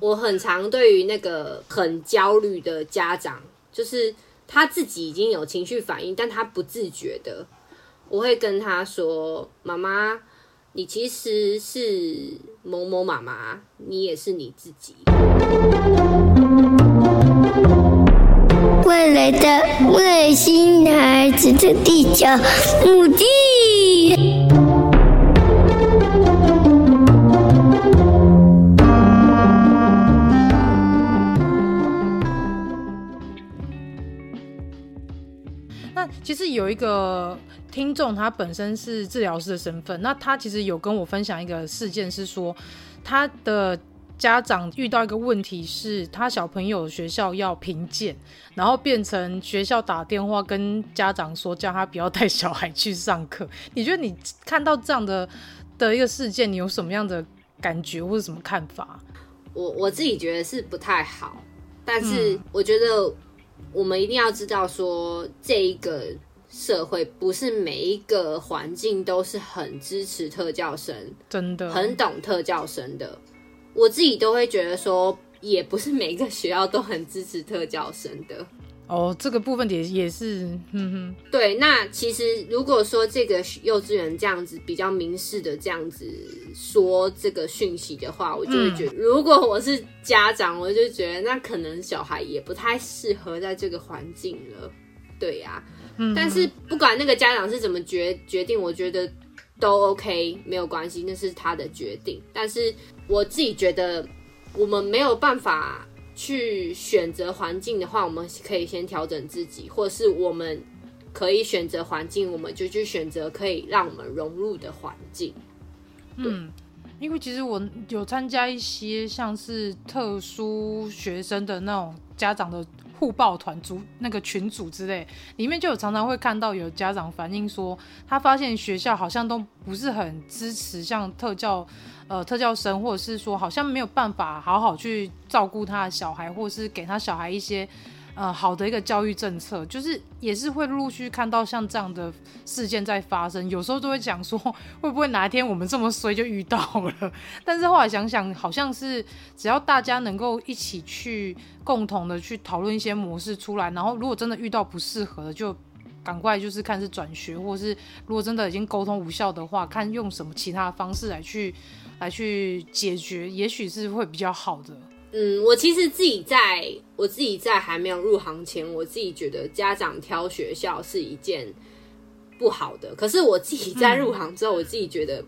我很常對於那個很焦慮的家長，就是他自己已經有情緒反應，但他不自覺的，我會跟他說：“媽媽，你其實是某某媽媽，你也是你自己。”未來的外星，孩子的地球母親。其實有一個聽眾，他本身是治療師的身份，那他其實有跟我分享一個事件，是說他的家長遇到一個問題，是他小朋友學校要評鑑，然後變成學校打電話跟家長說，叫他不要帶小孩去上課。你覺得你看到這樣的的一個事件，你有什麼樣的感覺或者什麼看法？我我自己覺得是不太好，但是我覺得。我們一定要知道說，說這一個社會不是每一個環境都是很支持特教生，真的，很懂特教生的。我自己都會覺得說，也不是每一個學校都很支持特教生的。哦，這個部分也也是，嗯哼，對。那其實如果說這個幼稚園這樣子比較明示的這樣子說這個訊息的話，我就會覺得，如果我是家長，我就覺得那可能小孩也不太適合在這個環境了。對呀，啊，嗯，但是不管那個家長是怎麼決決定，我覺得都 OK，沒有關係，那是他的決定。但是我自己覺得，我們沒有辦法去選擇環境的話，我們可以先調整自己，或是我們可以選擇環境，我們就去選擇可以讓我們融入的環境。嗯，因為其實我有參加一些像是特殊學生的那種家長的。互抱團、組那個群組之類，裡面就有常常會看到有家長反映說，他發現學校好像都不是很支持像特教，呃，特教生或者是說好像沒有辦法好好去照顧他的小孩，或者是給他小孩一些。呃，好的一個教育政策，就是也是會陸續看到像這樣的事件在發生，有時候都會講說，會不會哪一天我們這麼衰就遇到了，但是後來想想，好像是只要大家能夠一起去共同的去討論一些模式出來，然後如果真的遇到不適合的，就趕快就是看是轉學，或是如果真的已經溝通無效的話，看用什麼其他的方式來去來去解決，也許是會比較好的。嗯，我其實自己在我自己在還沒有入行前，我自己覺得家長挑學校是一件不好的。可是我自己在入行之後，嗯、我自己覺得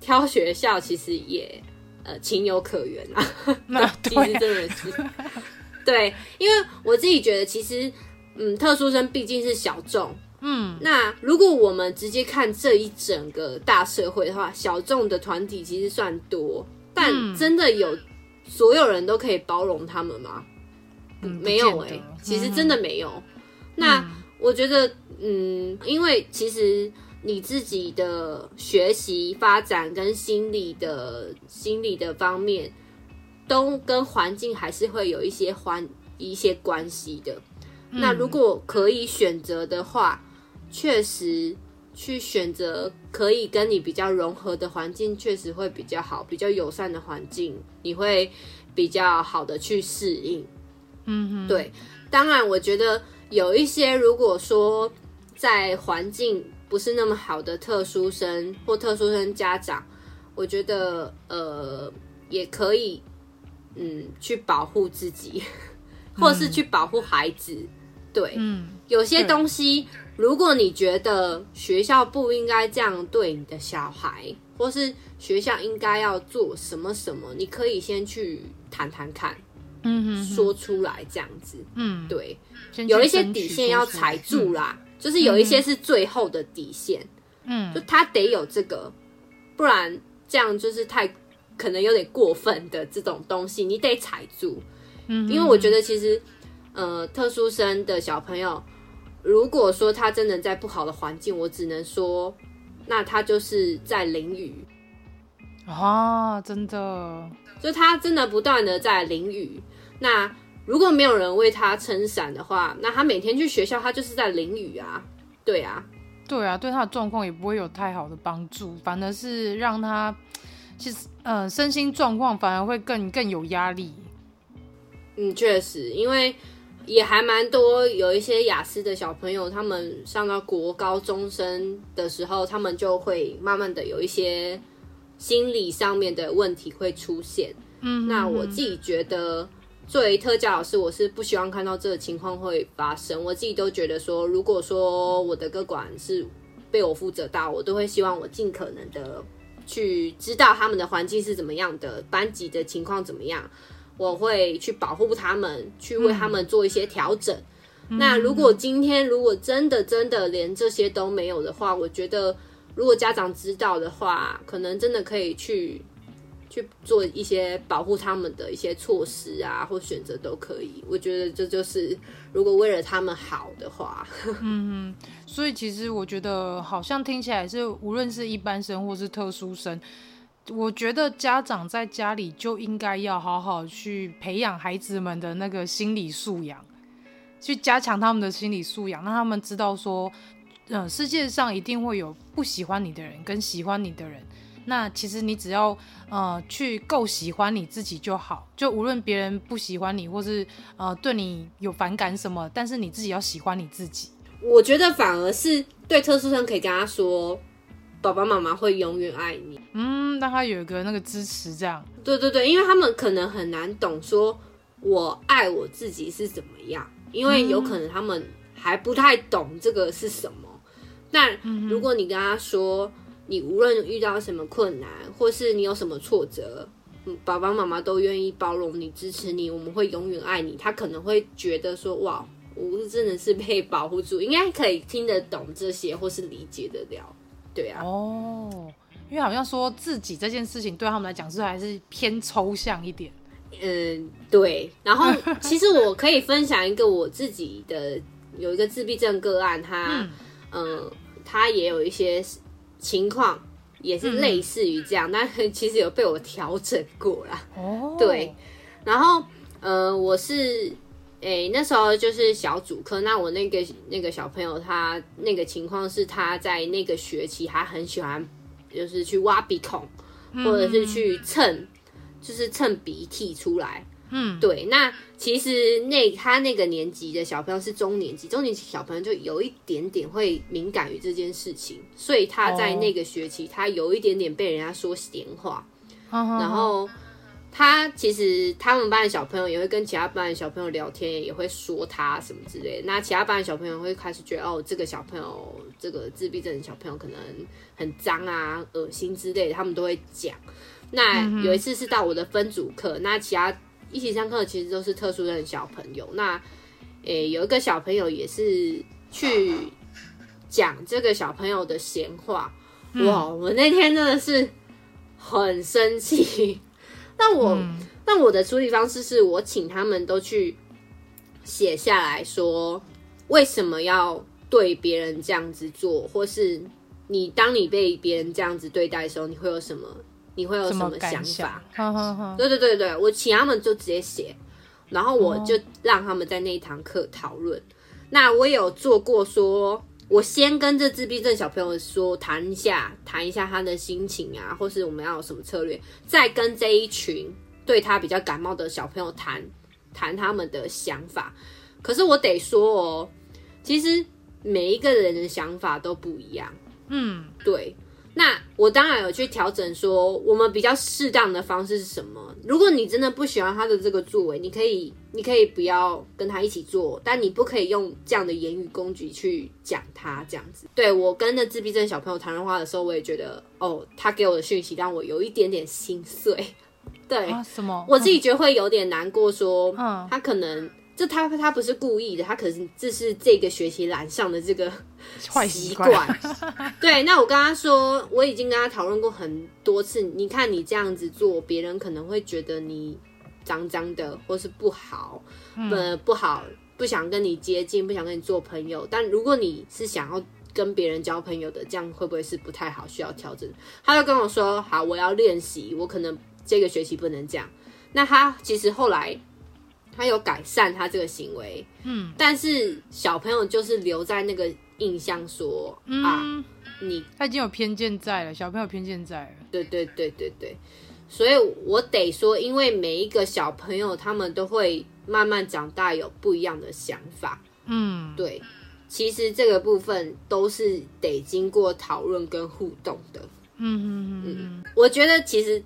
挑學校其實也呃情有可原啊。那 其實真的是對,對，因為我自己覺得其實嗯，特殊生畢竟是小眾。嗯，那如果我們直接看這一整個大社會的話，小眾的團體其實算多，但真的有。嗯所有人都可以包容他們嗎？嗯、沒有哎、欸，其實真的沒有。嗯、那我覺得，嗯，嗯，因為其實你自己的學習發展跟心理的心理的方面，都跟環境還是會有一些關一些關係的。嗯、那如果可以選擇的話，確實。去選擇可以跟你比較融合的環境，確實會比較好，比較友善的環境，你會比較好的去適應。嗯哼，對。當然，我覺得有一些，如果說在環境不是那麼好的特殊生或特殊生家長，我覺得呃也可以，嗯，去保護自己，或是去保護孩子。嗯、對，嗯，有些東西。嗯如果你覺得學校不應該這樣對你的小孩，或是學校應該要做什麼什麼，你可以先去談談看，嗯嗯，說出來這樣子，嗯，對，書書有一些底線要踩住啦，嗯、就是有一些是最後的底線，嗯哼，就他得有這個，不然這樣就是太可能有點過分的這種東西，你得踩住，嗯哼，因為我覺得其實，呃，特殊生的小朋友。如果說他真的在不好的環境，我只能說，那他就是在淋雨啊，真的，就他真的不斷的在淋雨。那如果沒有人為他撐傘的話，那他每天去學校，他就是在淋雨啊。對啊，對啊，對他的狀況也不會有太好的幫助，反而是讓他其實、呃、身心狀況反而會更更有壓力。嗯，確實，因為。也還蠻多，有一些亞斯的小朋友，他們上到國高中生的時候，他們就會慢慢的有一些心理上面的問題會出現。嗯哼哼，那我自己覺得，作為特教老師，我是不希望看到這個情況會發生。我自己都覺得說，如果說我的個管是被我負責到，我都會希望我盡可能的去知道他們的環境是怎麼樣的，班級的情況怎麼樣。我會去保護他們，去為他們做一些調整。嗯、那如果今天如果真的真的連這些都沒有的話，我覺得如果家長知道的話，可能真的可以去去做一些保護他們的一些措施啊，或選擇都可以。我覺得這就是如果為了他們好的話。嗯，所以其實我覺得好像聽起來是，無論是一般生或是特殊生。我覺得家長在家裡就應該要好好去培養孩子們的那個心理素養，去加強他們的心理素養，讓他們知道說，嗯、呃，世界上一定會有不喜歡你的人跟喜歡你的人。那其實你只要、呃、去夠喜歡你自己就好，就無論別人不喜歡你或是、呃、對你有反感什麼，但是你自己要喜歡你自己。我覺得反而是對特殊生可以跟他說。爸爸媽媽會永遠愛你。嗯，但他有一個那個支持，這樣。對對對，因為他們可能很難懂，說我愛我自己是怎麼樣，因為有可能他們還不太懂這個是什麼。但如果你跟他說，嗯哼。你無論遇到什麼困難，或是你有什麼挫折，爸爸媽媽都願意包容你、支持你，我們會永遠愛你。他可能會覺得說，哇，我真的是被保護住，應該可以聽得懂這些，或是理解得了。對啊，哦，因為好像說自己這件事情對他們來講是還是偏抽象一點，嗯，對。然後其實我可以分享一個我自己的有一個自閉症個案，他，嗯，他、嗯、也有一些情況也是類似於這樣，嗯、但其實有被我調整過啦。哦，對，然後，呃，我是。哎、欸，那時候就是小組課。那我那個那個小朋友他，他那個情況是，他在那個學期他很喜歡，就是去挖鼻孔，嗯、或者是去蹭，就是蹭鼻涕出來。嗯，對。那其實那他那個年級的小朋友是中年級，中年級小朋友就有一點點會敏感於這件事情，所以他在那個學期他有一點點被人家說閒話，哦、然後。他其實他們班的小朋友也會跟其他班的小朋友聊天，也會說他什麼之類的。那其他班的小朋友會開始覺得，哦，這個小朋友，這個自閉症的小朋友，可能很髒啊、噁心之類的，他們都會講。那有一次是到我的分組課，嗯哼。那其他一起上課其實都是特殊班小朋友。那誒，有一個小朋友也是去講這個小朋友的閒話，嗯、哇，我那天真的是很生氣。那我，嗯、那我的處理方式是，我請他們都去寫下來說，為什麼要對別人這樣子做，或是你當你被別人這樣子對待的時候，你會有什麼？你會有什麼想法？對對對對，我請他們就直接寫，然後我就讓他們在那一堂課討論。呵呵，那我也有做過說。我先跟這自閉症小朋友說，談一下，談一下他的心情啊，或是我們要有什麼策略，再跟這一群對他比較感冒的小朋友談談他們的想法。可是我得說哦，其實每一個人的想法都不一樣。嗯，對。那我當然有去調整說，說我們比較適當的方式是什麼？如果你真的不喜歡他的這個作為，你可以，你可以不要跟他一起做，但你不可以用這樣的言語攻擊去講他這樣子。對我跟那自閉症小朋友談話的時候，我也覺得，哦，他給我的訊息讓我有一點點心碎。對，什麼？我自己覺得會有點難過，說，嗯，他可能。就他他不是故意的，他可是。這是這個學期懶上的這個壞習慣。習 對，那我跟他說，我已經跟他討論過很多次。你看你這樣子做，別人可能會覺得你髒髒的，或是不好，嗯、呃，不好，不想跟你接近，不想跟你做朋友。但如果你是想要跟別人交朋友的，這樣會不會是不太好？需要調整。他就跟我說：“好，我要練習，我可能這個學期不能這樣。”那他其實後來。他有改善他這個行為，嗯，但是小朋友就是留在那個印象說，說、嗯、啊，你他已經有偏見在了，小朋友偏見在了，對對對對對，所以我得說，因為每一個小朋友他們都會慢慢長大，有不一樣的想法，嗯，對，其實這個部分都是得經過討論跟互動的，嗯嗯嗯嗯，我覺得其實。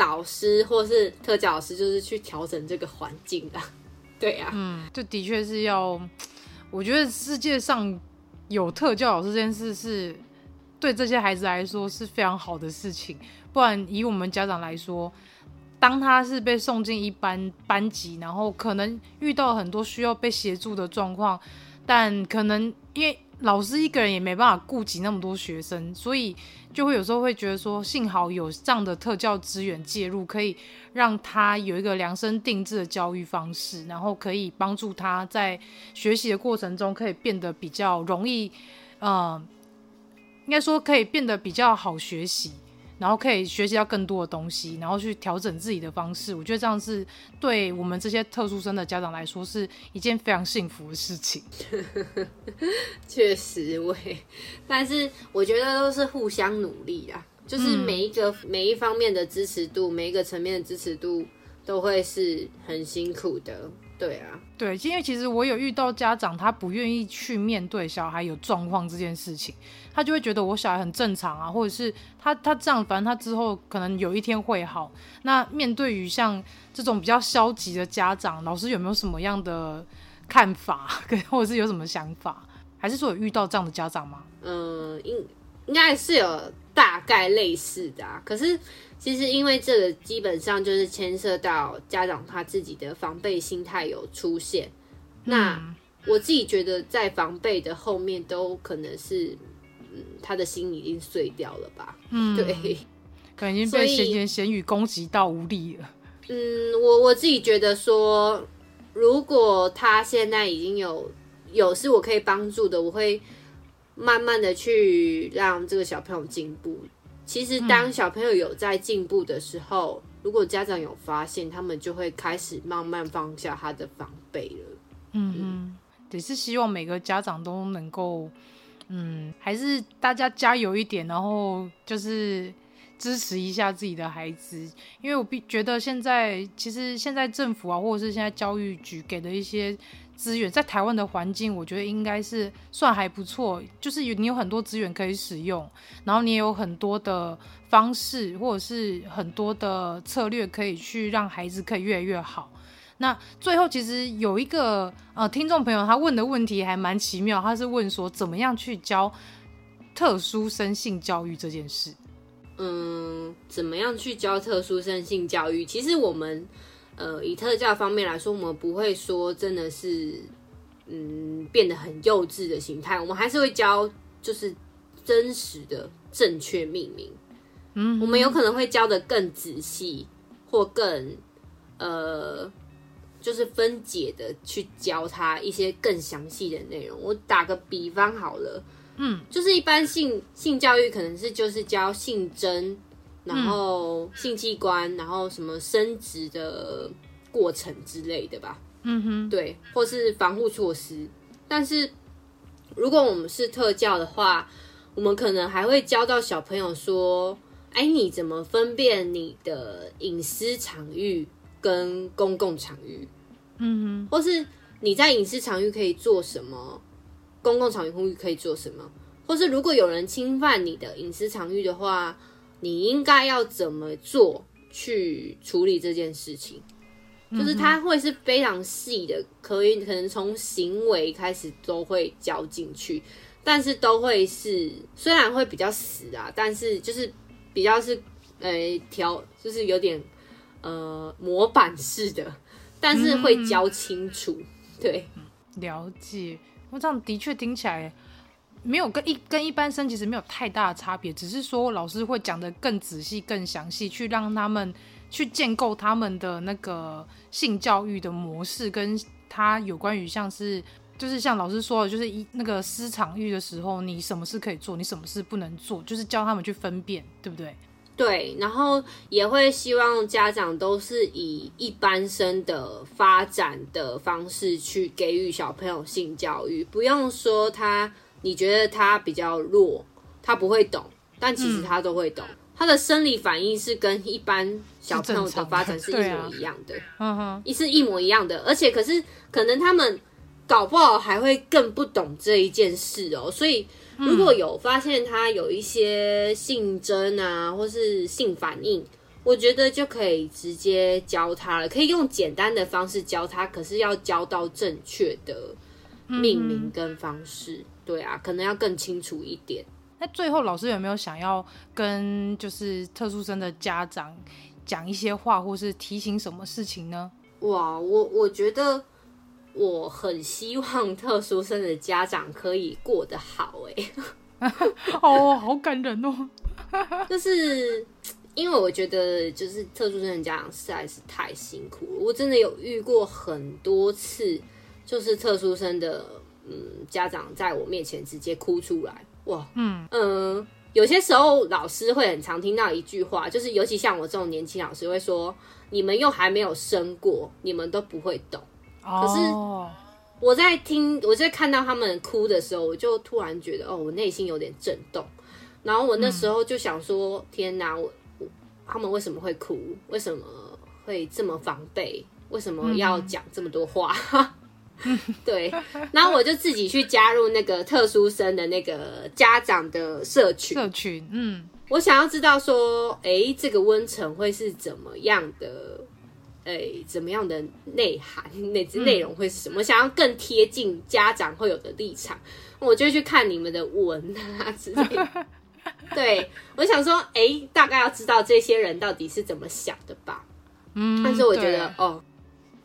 導師或是特教老師，就是去調整這個環境的。對呀、啊，嗯，這的確是要。我覺得世界上有特教老師這件事是，是對這些孩子來說是非常好的事情。不然以我們家長來說，當他是被送進一般班級，然後可能遇到很多需要被協助的狀況，但可能因為。老師一個人也沒辦法顧及那麼多學生，所以就會有時候會覺得說，幸好有這樣的特教資源介入，可以讓他有一個量身定制的教育方式，然後可以幫助他在學習的過程中可以變得比較容易，呃，應該說可以變得比較好學習。然後可以學習到更多的東西，然後去調整自己的方式。我覺得這樣是對我們這些特殊生的家長來說是一件非常幸福的事情。確實會，但是我覺得都是互相努力啊，就是每一個、嗯、每一方面的支持度，每一個層面的支持度都會是很辛苦的。對啊，對，因為其實我有遇到家長，他不願意去面對小孩有狀況這件事情，他就會覺得我小孩很正常啊，或者是他他這樣，反正他之後可能有一天會好。那面對於像這種比較消極的家長，老師有沒有什麼樣的看法，或者是有什麼想法？還是說有遇到這樣的家長嗎？嗯、呃，應應該是有大概類似的啊，可是。其實，因為這個基本上就是牽涉到家長他自己的防備心態有出現。嗯、那我自己覺得，在防備的後面，都可能是、嗯，他的心已經碎掉了吧？嗯，對，可已經被閒言閒語攻擊到無力了。嗯，我我自己覺得說，如果他現在已經有有是我可以幫助的，我會慢慢的去讓這個小朋友進步。其實，當小朋友有在進步的時候，嗯、如果家長有發現，他們就會開始慢慢放下他的防備了。嗯嗯，嗯也是希望每個家長都能夠，嗯，還是大家加油一點，然後就是支持一下自己的孩子，因為我覺得現在其實現在政府啊，或者是現在教育局給的一些。資源在台灣的環境，我覺得應該是算還不錯，就是你有很多資源可以使用，然後你也有很多的方式或者是很多的策略可以去讓孩子可以越來越好。那最後其實有一個呃聽眾朋友他問的問題還蠻奇妙，他是問說怎麼樣去教特殊生性教育這件事？嗯，怎麼樣去教特殊生性教育？其實我們。呃，以特教方面來說，我們不會說真的是，嗯，變得很幼稚的形態，我們還是會教，就是真實的正確命名，嗯哼，我們有可能會教得更仔細或更，呃，就是分解的去教他一些更詳細的內容。我打個比方好了，嗯，就是一般性性教育可能是就是教性徵。然後性器官，嗯、然後什麼生殖的過程之類的吧。嗯哼，對，或是防護措施。但是如果我們是特教的話，我們可能還會教到小朋友說：“哎，你怎麼分辨你的隱私場域跟公共場域？”嗯哼，或是你在隱私場域可以做什麼，公共場域可以做什麼，或是如果有人侵犯你的隱私場域的話。你應該要怎麼做去處理這件事情？嗯、哼就是它會是非常細的，可以可能從行為開始都會交進去，但是都會是雖然會比較死啊，但是就是比較是呃調、欸，就是有點呃模板式的，但是會教清楚。嗯、哼對，了解。我這樣的確聽起來。沒有跟一跟一般生其實沒有太大的差別，只是說老師會講得更仔細、更詳細，去讓他們去建構他們的那個性教育的模式，跟他有關於像是就是像老師說的，就是一那個私場域的時候，你什麼事可以做，你什麼事不能做，就是教他們去分辨，對不對？對，然後也會希望家長都是以一般生的發展的方式去給予小朋友性教育，不用說他。你覺得他比較弱，他不會懂，但其實他都會懂。嗯、他的生理反應是跟一般小朋友的發展是一模一樣的，一是、啊 uh huh. 是一模一樣的。而且，可是可能他們搞不好還會更不懂這一件事哦、喔。所以，如果有發現他有一些性徵啊，嗯、或是性反應，我覺得就可以直接教他了，可以用簡單的方式教他，可是要教到正確的命名跟方式。嗯嗯。對啊，可能要更清楚一點。那最後老師有沒有想要跟就是特殊生的家長講一些話，或是提醒什麼事情呢？哇，我我覺得我很希望特殊生的家長可以過得好哎、欸。 哦，好感人哦。 就是因為我覺得，就是特殊生的家長實在是太辛苦了，我真的有遇過很多次，就是特殊生的。嗯，家長在我面前直接哭出來，哇，嗯嗯，有些時候老師會很常聽到一句話，就是尤其像我這種年輕老師會說，你們又還沒有生過，你們都不會懂。哦、可是我在聽，我在看到他們哭的時候，我就突然覺得，哦，我內心有點震動。然後我那時候就想說，嗯、天哪，我，我他們為什麼會哭？為什麼會這麼防備？為什麼要講這麼多話？嗯 對，然後我就自己去加入那個特殊生的那個家長的社群、社群，嗯，我想要知道說，哎、欸，這個溫層會是怎麼樣的，哎、欸，怎麼樣的內涵，哪只內容會是什麼？嗯、我想要更貼近家長會有的立場，我就去看你們的文啊之類的。 對，我想說，哎、欸，大概要知道這些人到底是怎麼想的吧。嗯，但是我覺得，對哦。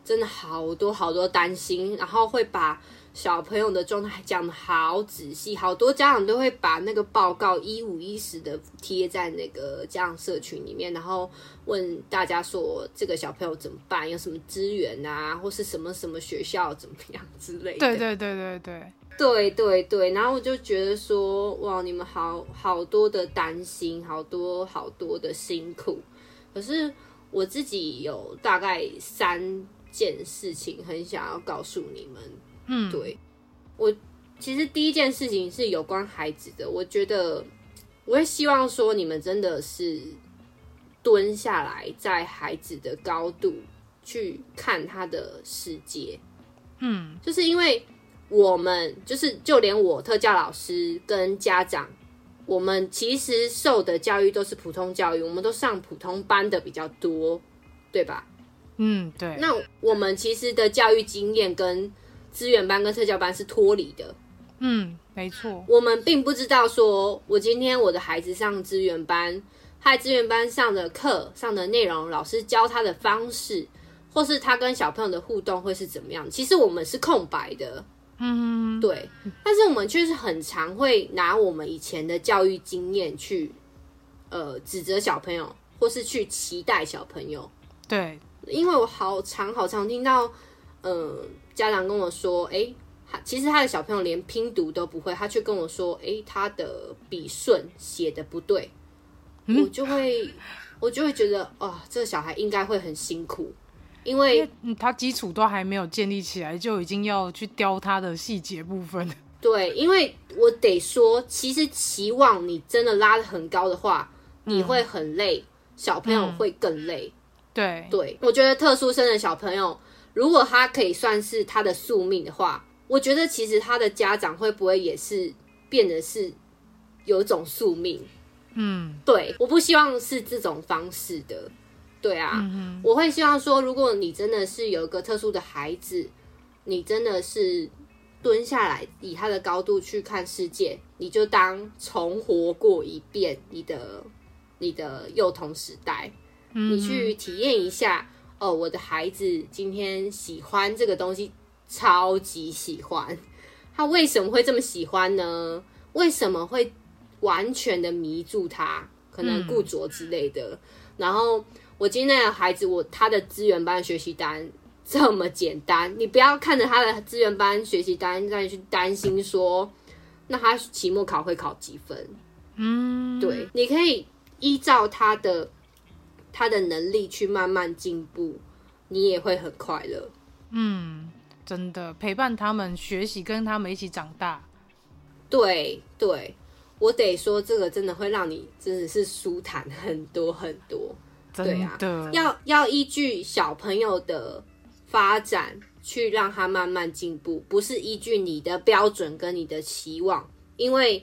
真的好多好多擔心，然後會把小朋友的狀態講的好仔細，好多家長都會把那個報告一五一十的貼在那個家長社群裡面，然後問大家說這個小朋友怎麼辦，有什麼資源啊，或是什麼什麼學校怎麼樣之類的。對對對對對對對對。然後我就覺得說，哇，你們好好多的擔心，好多好多的辛苦。可是我自己有大概三件事情很想要告訴你們，嗯，對，我其實第一件事情是有關孩子的，我覺得我會希望說你們真的是蹲下來，在孩子的高度去看他的世界，嗯，就是因為我們，就是就連我特教老師跟家長，我們其實受的教育都是普通教育，我們都上普通班的比較多，對吧？嗯，對。那我們其實的教育經驗跟資源班跟特教班是脫離的。嗯，沒錯。我們並不知道，說我今天我的孩子上資源班，他在資源班上的課上的內容，老師教他的方式，或是他跟小朋友的互動會是怎麼樣。其實我們是空白的。嗯哼哼，對。但是我們確實很常會拿我們以前的教育經驗去，呃，指責小朋友，或是去期待小朋友。對。因為我好常好常聽到，嗯，家長跟我說，誒，他其實他的小朋友連拼讀都不會，他卻跟我說，誒，他的筆順寫得不對，我就會我就會覺得，哦，這個小孩應該會很辛苦，因為，因為他基礎都還沒有建立起來，就已經要去雕他的細節部分。對，因為我得說，其實期望你真的拉得很高的話，你會很累，嗯、小朋友會更累。嗯對，對我覺得特殊生的小朋友，如果他可以算是他的宿命的話，我覺得其實他的家長會不會也是變得是有一種宿命？嗯，對，我不希望是這種方式的。對啊，嗯哼，我會希望說，如果你真的是有一個特殊的孩子，你真的是蹲下來以他的高度去看世界，你就當重活過一遍你的你的幼童時代。你去體驗一下哦，我的孩子今天喜歡這個東西，超級喜歡。他為什麼會這麼喜歡呢？為什麼會完全的迷住他？可能固着之類的。嗯，然後我今天的孩子，我他的資源班學習單這麼簡單，你不要看着他的資源班學習單再去擔心說，那他期末考會考幾分？嗯，對，你可以依照他的。他的能力去慢慢進步，你也會很快樂。嗯，真的陪伴他們學習，跟他們一起長大。對對，我得說這個真的會讓你真的是舒坦很多很多。真的。對啊，要要依據小朋友的發展去讓他慢慢進步，不是依據你的標準跟你的期望，因為。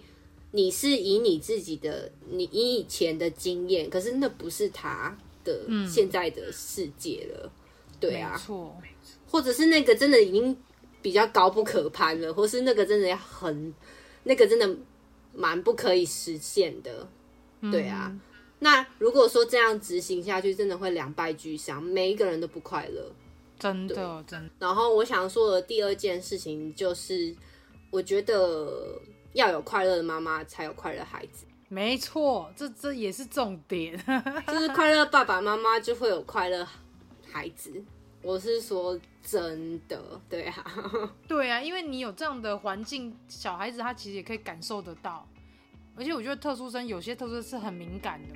你是以你自己的，你以前的經驗，可是那不是他的現在的世界了，嗯、對啊，沒錯沒錯，或者是那個真的已經比較高不可攀了，或是那個真的很，那個真的蠻不可以實現的，嗯、對啊，那如果說這樣執行下去，真的會兩敗俱傷，每一個人都不快樂，真的對真的。然後我想說的第二件事情就是，我覺得。要有快樂的媽媽，才有快樂孩子。沒錯，這這也是重點， 就是快樂爸爸媽媽就會有快樂孩子。我是說真的，對啊，對啊，因為你有這樣的環境，小孩子他其實也可以感受得到。而且我覺得特殊生有些特殊生是很敏感的。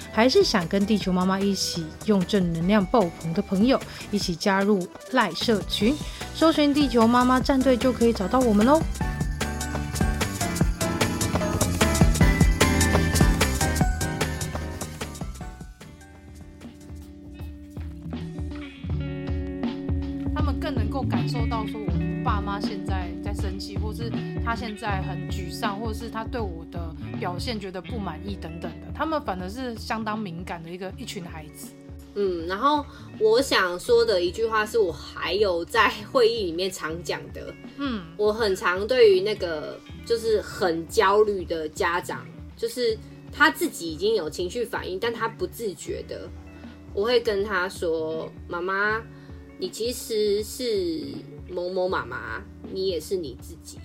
還是想跟地球媽媽一起用正能量爆棚的朋友一起加入賴社群，搜尋“地球媽媽戰隊”就可以找到我們嘍、哦。他們更能夠感受到，說我爸媽現在在生氣，或是他現在很沮喪，或是他對我的表現覺得不滿意等等的。他們反而是相當敏感的一個一群孩子，嗯，然後我想說的一句話是我還有在會議裡面常講的，嗯，我很常對於那個就是很焦慮的家長，就是他自己已經有情緒反應，但他不自覺的，我會跟他說：“媽媽，你其實是某某媽媽，你也是你自己。”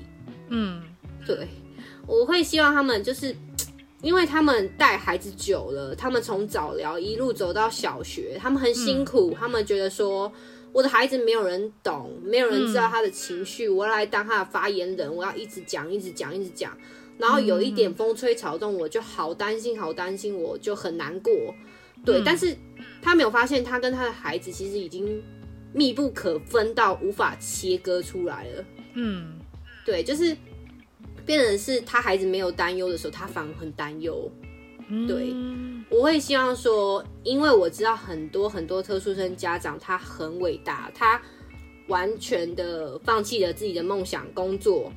嗯，對，我會希望他們就是。因為他們帶孩子久了，他們從早療，一路走到小學，他們很辛苦。嗯、他們覺得說，我的孩子沒有人懂，沒有人知道他的情緒，嗯、我要來當他的發言人，我要一直講，一直講，一直講。然後有一點風吹草動，我就好擔心，好擔心，我就很難過。對，嗯、但是他沒有發現，他跟他的孩子其實已經密不可分到無法切割出來了。嗯，對，就是。變成是他孩子沒有擔憂的時候，他反而很擔憂。對，嗯、我會希望說，因為我知道很多很多特殊生家長，他很偉大，他完全的放棄了自己的夢想工作，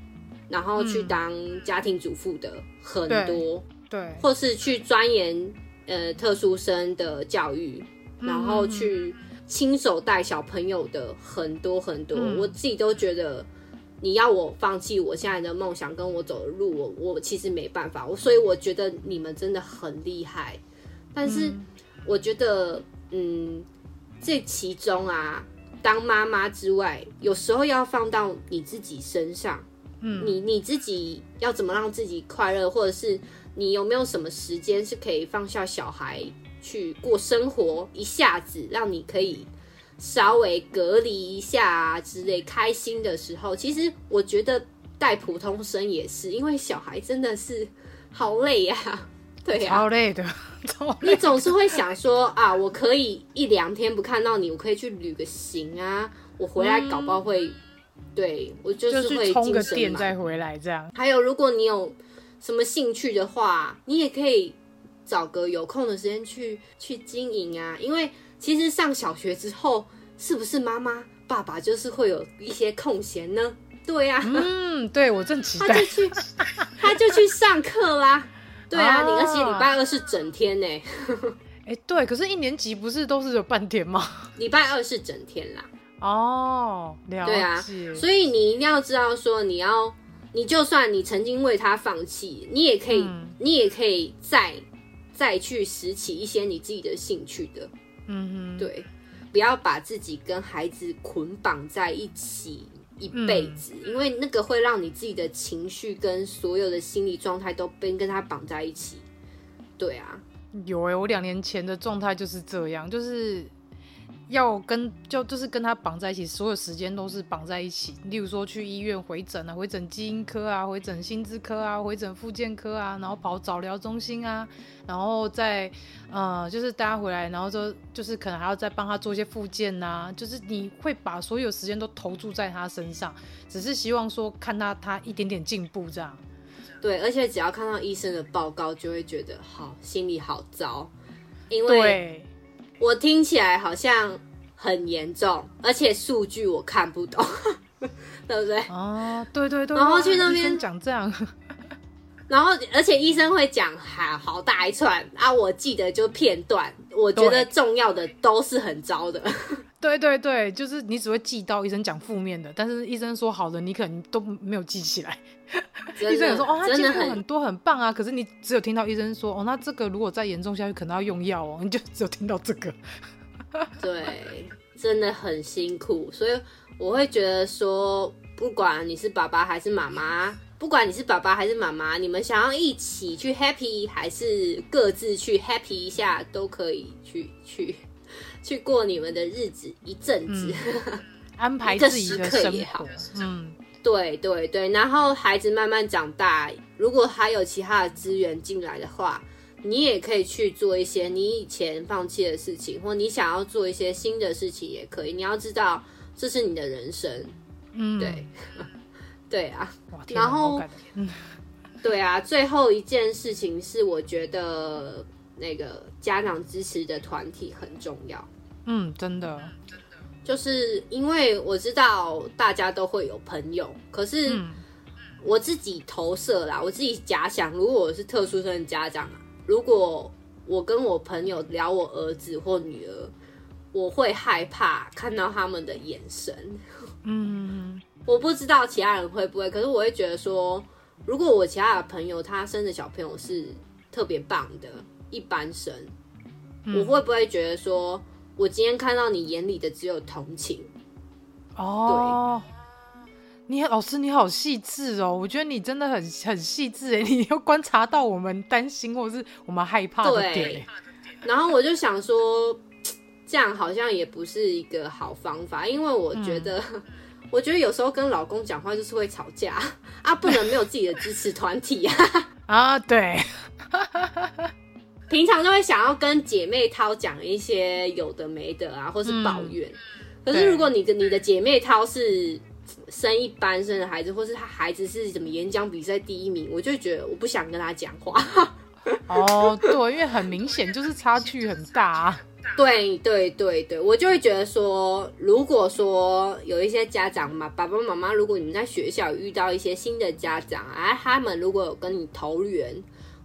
然後去當家庭主婦的很多，嗯、對，對，或是去鑽研呃特殊生的教育，然後去親手帶小朋友的很多很多，嗯、我自己都覺得。你要我放棄我現在的夢想，跟我走的路我，我我其實沒辦法，我所以我覺得你們真的很厲害，但是我覺得，嗯，這其中啊，當媽媽之外，有時候要放到你自己身上，嗯，你你自己要怎麼讓自己快樂，或者是你有沒有什麼時間是可以放下小孩去過生活，一下子讓你可以。稍微隔離一下啊之類，開心的時候，其實我覺得帶普通生也是，因為小孩真的是好累呀、啊，對呀、啊，超累的。你總是會想說啊，我可以一兩天不看到你，我可以去旅個行啊，我回來搞不好會，嗯、對，我就是會充個電再回來這樣。還有，如果你有什麼興趣的話，你也可以找個有空的時間去去經營啊，因為。其實上小學之後，是不是媽媽、爸爸就是會有一些空閒呢？對呀、啊，嗯，對我正期待，他就去，他就去上課啦。對啊，啊你而且禮拜二是整天呢、欸。哎、 欸，對，可是一年級不是都是有半天嗎？禮拜二是整天啦。哦，了解。對啊，所以你一定要知道，說你要，你就算你曾經為他放棄，你也可以，嗯、你也可以再，再去拾起一些你自己的興趣的。嗯嗯，對，不要把自己跟孩子捆綁在一起一輩子，嗯、因為那個會讓你自己的情緒跟所有的心理狀態都跟跟他綁在一起。對啊，有哎、欸，我兩年前的狀態就是這樣，就是。要跟就就是跟他綁在一起，所有時間都是綁在一起。例如說去醫院回診啊，回診基因科啊，回診心智科啊，回診復健科啊，然後跑早療中心啊，然後再呃就是帶他回來，然後就就是可能還要再幫他做一些復健吶、啊，就是你會把所有時間都投注在他身上，只是希望說看他他一點點進步這樣。對，而且只要看到醫生的報告，就會覺得好，心裡好糟，因為對。我聽起來好像很嚴重，而且數據我看不懂，呵呵對不對？哦、啊，對對對，然後去那邊講、啊、這樣。然後，而且醫生會講好好大一串啊，我記得就片段，我覺得重要的都是很糟的。對對對，就是你只會記到醫生講負面的，但是醫生說好的，你可能都沒有記起來。的醫生也說哦，他進步很多，很,很棒啊。可是你只有聽到醫生說哦，那這個如果再嚴重下去，可能要用藥哦，你就只有聽到這個。對，真的很辛苦，所以我會覺得說，不管你是爸爸還是媽媽。不管你是爸爸還是媽媽，你們想要一起去 happy，還是各自去 happy 一下，都可以去去去過你們的日子一陣子，嗯、呵呵安排自己的生活。你的生活嗯，對對對。然後孩子慢慢長大，如果還有其他的資源進來的話，你也可以去做一些你以前放棄的事情，或你想要做一些新的事情也可以。你要知道，這是你的人生。嗯，對。對啊，哇然後、嗯、對啊，最後一件事情是，我覺得那個家長支持的團體很重要。嗯，真的，真的，就是因為我知道大家都會有朋友，可是我自己投射啦，嗯、我自己假想，如果我是特殊生的家長、啊，如果我跟我朋友聊我兒子或女兒，我會害怕看到他們的眼神。嗯。我不知道其他人會不會，可是我會覺得說，如果我其他的朋友他生的小朋友是特別棒的，一般生，嗯、我會不會覺得說，我今天看到你眼裡的只有同情？哦，對你老師你好細致哦，我覺得你真的很很細致誒，你要觀察到我們擔心或是我們害怕的點、欸、對，然後我就想說，這樣好像也不是一個好方法，因為我覺得、嗯。我覺得有時候跟老公講話就是會吵架啊，啊不能沒有自己的支持團體啊！ 啊，對， 平常就會想要跟姐妹淘講一些有的沒的啊，或是抱怨。嗯、可是如果你的對你的姐妹淘是生一般生的孩子，或是她孩子是什麼演講比賽第一名，我就覺得我不想跟他講話。 哦，對，因為很明顯就是差距很大。對對對對，我就會覺得說，如果說有一些家長嘛，爸爸媽媽，如果你們在學校遇到一些新的家長，哎、啊，他們如果有跟你投緣，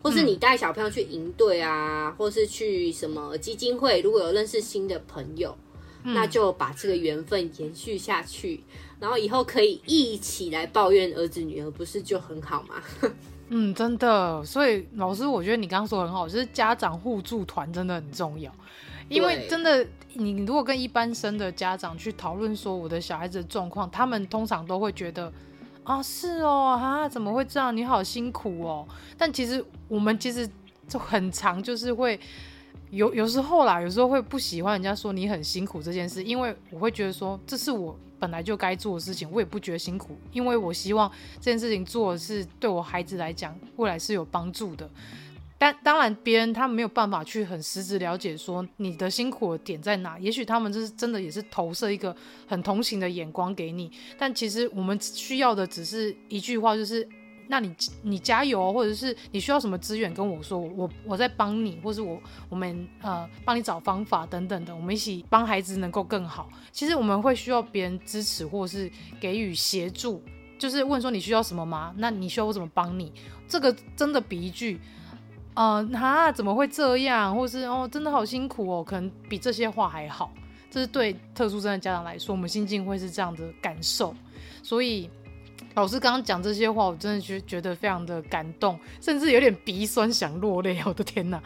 或是你帶小朋友去營隊啊，嗯、或是去什麼基金會，如果有認識新的朋友，嗯、那就把這個緣分延續下去，然後以後可以一起來抱怨兒子女兒，不是就很好嗎？ 嗯，真的，所以老師，我覺得你剛剛說的很好，就是家長互助團真的很重要。因為真的，你如果跟一般生的家長去討論說我的小孩子的狀況，他們通常都會覺得，啊，是哦，哈、啊，怎麼會這樣？你好辛苦哦。但其實我們其實就很常就是會有有時候啦，有時候會不喜歡人家說你很辛苦這件事，因為我會覺得說這是我本來就該做的事情，我也不覺得辛苦，因為我希望這件事情做的是對我孩子來講未來是有幫助的。但當然，別人他沒有辦法去很實質了解說你的辛苦的點在哪，也許他們就是真的也是投射一個很同情的眼光給你。但其實我們需要的只是一句話，就是那你你加油，或者是你需要什麼資源跟我說，我我在幫你，或是我我們呃幫你找方法等等的，我們一起幫孩子能夠更好。其實我們會需要別人支持或是給予協助，就是問說你需要什麼嗎？那你需要我怎麼幫你？這個真的比一句。啊他、呃、怎麼會這樣？或是哦，真的好辛苦哦。可能比這些話還好，這是對特殊生的家長來說，我們心境會是這樣的感受。所以老師剛剛講這些話，我真的覺覺得非常的感動，甚至有點鼻酸想落淚。我的天哪、啊！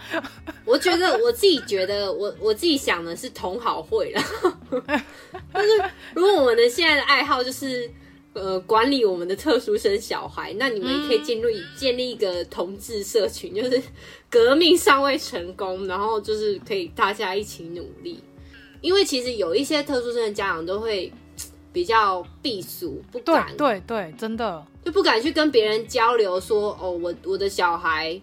我覺得我自己覺得我，我 我自己想的是同好會，然後，但是如果我們現在的愛好就是。呃，管理我們的特殊生小孩，那你們也可以進入、嗯、建立一個同志社群，就是革命尚未成功，然後就是可以大家一起努力。因為其實有一些特殊生的家長都會比較避俗，不敢，對對對，真的就不敢去跟別人交流說，說哦，我我的小孩，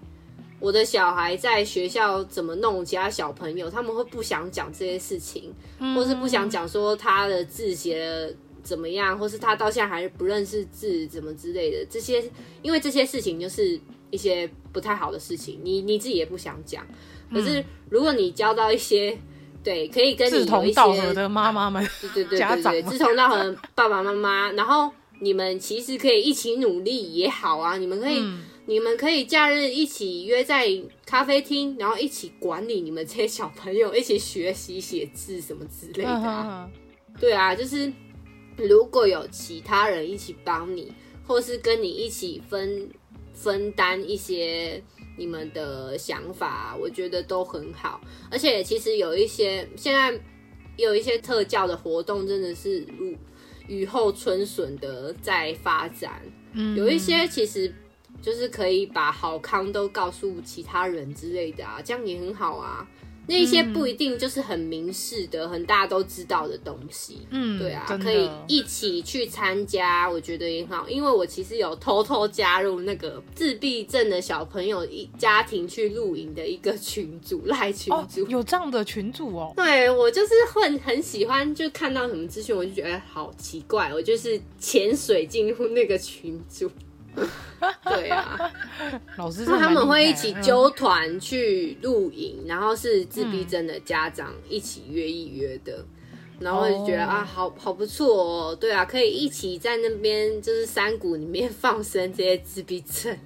我的小孩在學校怎麼弄，其他小朋友他們會不想講這些事情，嗯，或是不想講說他的字節。的。怎麼樣，或是他到現在還是不認識字，怎麼之類的這些，因為這些事情就是一些不太好的事情，你你自己也不想講。嗯、可是如果你交到一些對可以跟你有一些志同道合的媽媽們、啊，對對對對對，志同道合的爸爸媽媽，然後你們其實可以一起努力也好啊，你們可以，嗯、你們可以假日一起約在咖啡廳，然後一起管理你們這些小朋友，一起學習寫字什麼之類的、啊，呵呵對啊，就是。如果有其他人一起幫你，或是跟你一起分分擔一些你們的想法，我覺得都很好。而且其實有一些現在有一些特教的活動，真的是如雨後春筍的在發展。嗯，有一些其實就是可以把好康都告訴其他人之類的啊，這樣也很好啊。那一些不一定就是很明示的、嗯、很大家都知道的東西，嗯，對啊，就可以一起去參加，我覺得也很好。因為我其實有偷偷加入那個自閉症的小朋友一家庭去露營的一個群組，賴、哦、群組，有這樣的群組哦。對，我就是會很，很喜歡，就看到什麼資訊，我就覺得、欸、好奇怪，我就是潛水進入那個群組。 對啊，老師說、啊，他們會一起揪團去露營，嗯、然後是自閉症的家長一起約一約的，嗯、然後就覺得、oh. 啊，好好不錯哦，對啊，可以一起在那邊就是山谷裡面放生這些自閉症。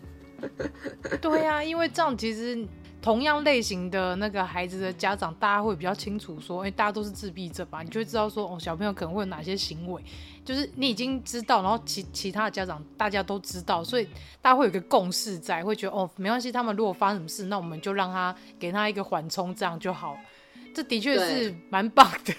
對啊，因為這樣其實。同樣類型的那個孩子的家長，大家會比較清楚，說，哎，大家都是自閉症吧？你就會知道，說，哦，小朋友可能會有哪些行為，就是你已經知道，然後其其他的家長大家都知道，所以大家會有個共識在，在會覺得，哦，沒關係，他們如果發生什麼事，那我們就讓他給他一個緩衝，這樣就好。這的確是蠻棒的，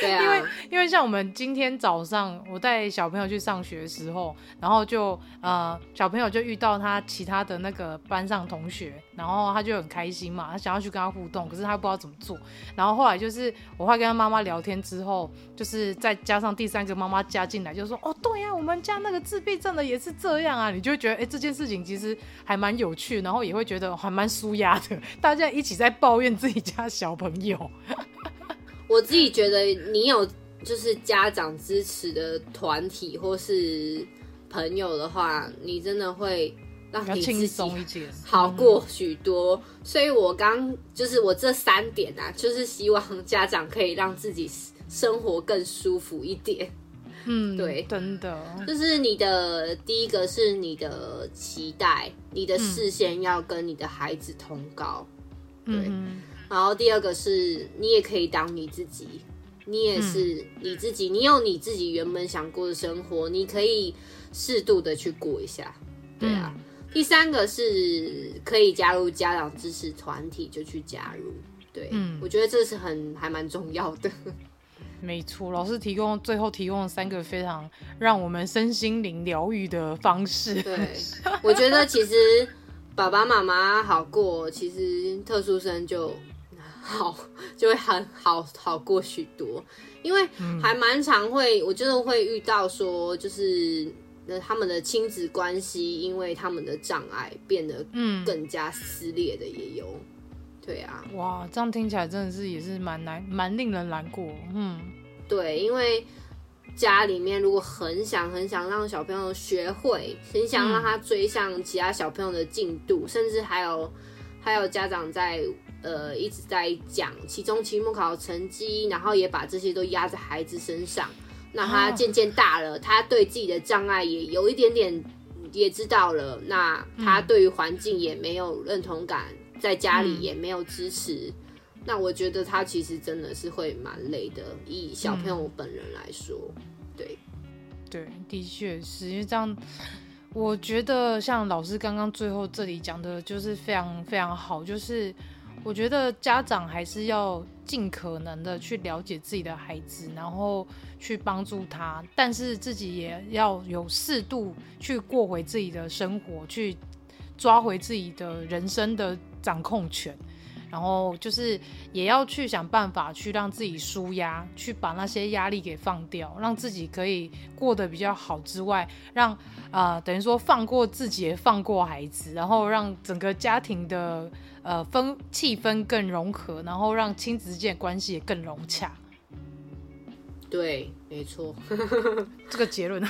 對 因為因為像我們今天早上我帶小朋友去上學的時候，然後就呃小朋友就遇到他其他的那個班上同學。然後他就很開心嘛，他想要去跟他互動，可是他又不知道怎麼做。然後後來就是我會跟他媽媽聊天之後，就是再加上第三個媽媽加進來，就說：“哦，對呀，我們家那個自閉症的也是這樣啊。”你就會覺得，哎，這件事情其實還蠻有趣，然後也會覺得還蠻舒壓的。大家一起在抱怨自己家小朋友。我自己覺得，你有就是家長支持的團體或是朋友的話，你真的會。讓你自己好過許多，嗯、所以我剛就是我這三點啊，就是希望家長可以讓自己生活更舒服一點。嗯，對，真的，就是你的第一個是你的期待，你的視線要跟你的孩子同高。嗯、對，然後第二個是你也可以當你自己，你也是你自己，你有你自己原本想過的生活，你可以適度的去過一下。嗯、對啊。第三個是可以加入家長支持團體，就去加入。對，嗯，我覺得這是很還蠻重要的。沒錯，老師提供，最後提供了三個非常讓我們身心靈療癒的方式。對，我覺得其實爸爸媽媽好過，其實特殊生就好，就會很好好過許多。因為還蠻常會，嗯、我覺得會遇到說，就是。那他們的親子關係，因為他們的障礙變得嗯更加撕裂的也有，嗯、對啊，哇，這樣聽起來真的是也是蠻難蠻令人難過，嗯，對，因為家裡面如果很想很想讓小朋友學會，很想讓他追上其他小朋友的進度，嗯、甚至還有還有家長在呃一直在講期中期末考成績，然後也把這些都壓在孩子身上。那他漸漸大了，啊、他對自己的障礙也有一點點，也知道了。那他對於環境也沒有認同感，嗯、在家裡也沒有支持。嗯、那我覺得他其實真的是會蠻累的，以小朋友本人來說，嗯、對，對，的確是。因為這樣，我覺得像老師剛剛最後這裡講的，就是非常非常好。就是我覺得家長還是要。盡可能的去了解自己的孩子，然後去幫助他，但是自己也要有適度去過回自己的生活，去抓回自己的人生的掌控權，然後就是也要去想辦法去讓自己舒壓，去把那些壓力給放掉，讓自己可以過得比較好之外，讓啊、呃、等於說放過自己，也放過孩子，然後讓整個家庭的。呃，氛氣氛更融合，然後讓親子之間關係也更融洽。對，沒錯， 這個結論。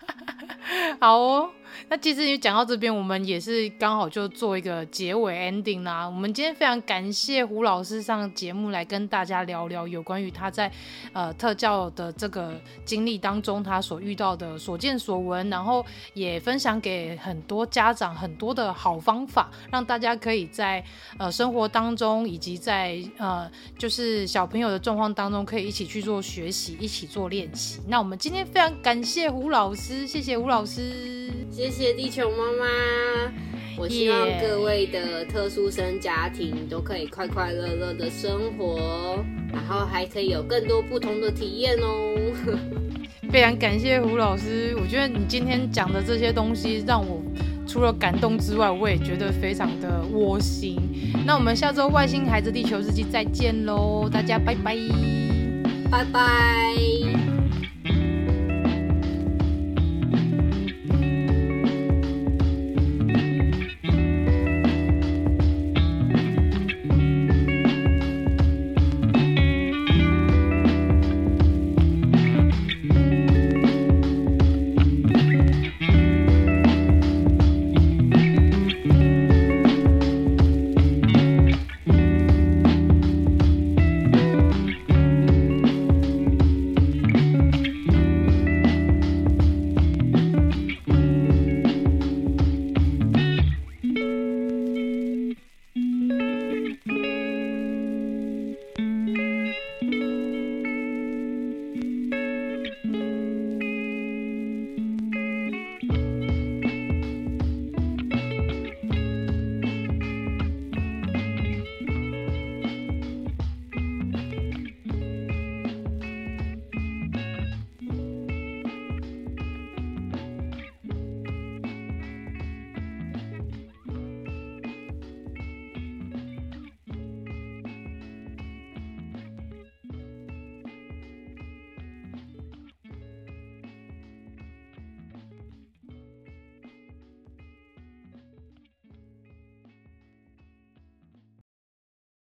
好哦。那其實你講到這邊，我們也是剛好就做一個結尾 ending 啦、啊。我們今天非常感謝胡老師上節目來跟大家聊聊有關於他在呃特教的這個經歷當中，他所遇到的所見所聞，然後也分享給很多家長很多的好方法，讓大家可以在呃生活當中以及在呃就是小朋友的狀況當中，可以一起去做學習，一起做練習。那我們今天非常感謝胡老師，謝謝胡老師。謝謝地球媽媽，我希望各位的特殊生家庭都可以快快樂樂的生活，然後還可以有更多不同的體驗哦。非常感謝胡老師，我覺得你今天講的這些東西讓我除了感動之外，我也覺得非常的窩心。那我們下周《外星孩子地球日記》再見嘍，大家拜拜，拜拜。